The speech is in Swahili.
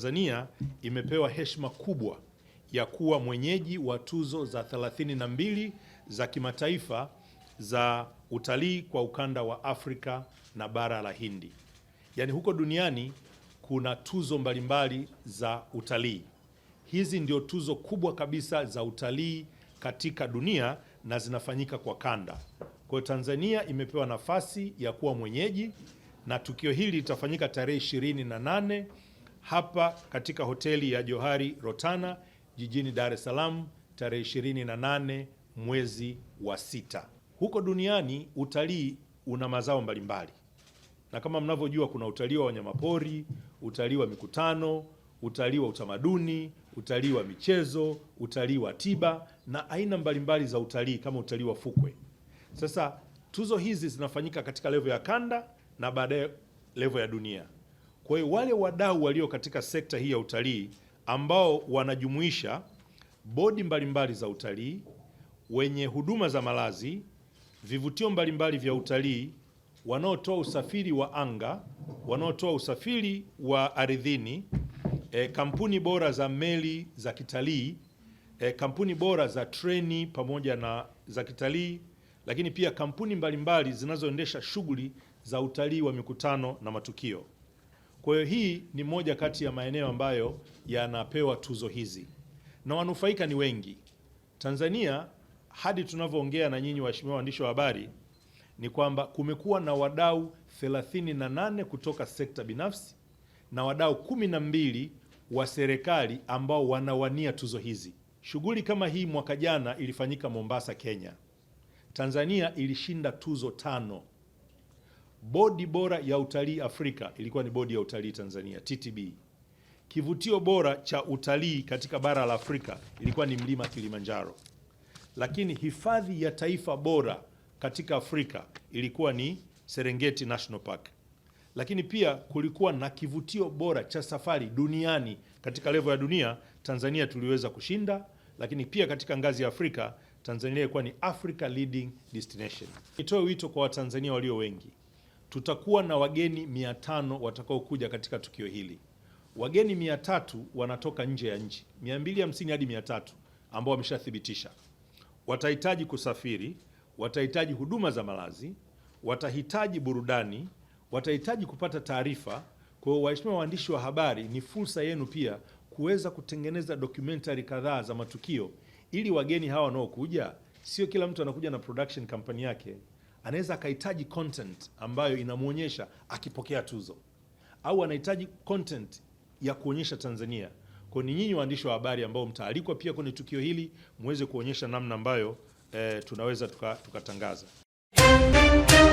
Tanzania imepewa heshima kubwa ya kuwa mwenyeji wa tuzo za 32 za kimataifa za utalii kwa ukanda wa Afrika na bara la Hindi. Yaani huko duniani kuna tuzo mbalimbali za utalii. Hizi ndio tuzo kubwa kabisa za utalii katika dunia na zinafanyika kwa kanda. Kwa hiyo Tanzania imepewa nafasi ya kuwa mwenyeji na tukio hili litafanyika tarehe ishirini na nane hapa katika hoteli ya Johari Rotana jijini Dar es Salaam tarehe 28 mwezi wa sita. Huko duniani utalii una mazao mbalimbali, na kama mnavyojua kuna utalii wa wanyamapori, utalii wa mikutano, utalii wa utamaduni, utalii wa michezo, utalii wa tiba na aina mbalimbali za utalii kama utalii wa fukwe. Sasa tuzo hizi zinafanyika katika levo ya kanda na baadaye levo ya dunia. Kwa hiyo wale wadau walio katika sekta hii ya utalii ambao wanajumuisha bodi mbalimbali za utalii, wenye huduma za malazi, vivutio mbalimbali vya utalii, wanaotoa usafiri wa anga, wanaotoa usafiri wa ardhini, e, kampuni bora za meli za kitalii, e, kampuni bora za treni pamoja na za kitalii, lakini pia kampuni mbalimbali zinazoendesha shughuli za utalii wa mikutano na matukio. Kwa hiyo hii ni moja kati ya maeneo ambayo yanapewa tuzo hizi na wanufaika ni wengi. Tanzania hadi tunavyoongea na nyinyi waheshimiwa waandishi wa habari ni kwamba kumekuwa na wadau 38 kutoka sekta binafsi na wadau 12 wa serikali ambao wanawania tuzo hizi. Shughuli kama hii mwaka jana ilifanyika Mombasa, Kenya. Tanzania ilishinda tuzo tano. Bodi bora ya utalii Afrika ilikuwa ni bodi ya utalii Tanzania TTB. Kivutio bora cha utalii katika bara la Afrika ilikuwa ni mlima Kilimanjaro. Lakini hifadhi ya taifa bora katika Afrika ilikuwa ni Serengeti National Park. Lakini pia kulikuwa na kivutio bora cha safari duniani katika levo ya dunia, Tanzania tuliweza kushinda, lakini pia katika ngazi ya Afrika Tanzania ilikuwa ni Africa leading destination. Nitoe wito kwa Watanzania walio wengi tutakuwa na wageni 500 watakaokuja katika tukio hili. Wageni 300 wanatoka nje ya nchi, 250 hadi 300 ambao wameshathibitisha. Watahitaji kusafiri, watahitaji huduma za malazi, watahitaji burudani, watahitaji kupata taarifa. Kwa hiyo, waheshimiwa waandishi wa habari, ni fursa yenu pia kuweza kutengeneza documentary kadhaa za matukio ili wageni hawa wanaokuja, sio kila mtu anakuja na production company yake anaweza akahitaji content ambayo inamwonyesha akipokea tuzo au anahitaji content ya kuonyesha Tanzania. Kwa ni nyinyi waandishi wa habari ambao mtaalikwa pia kwenye tukio hili muweze kuonyesha namna ambayo eh, tunaweza tukatangaza tuka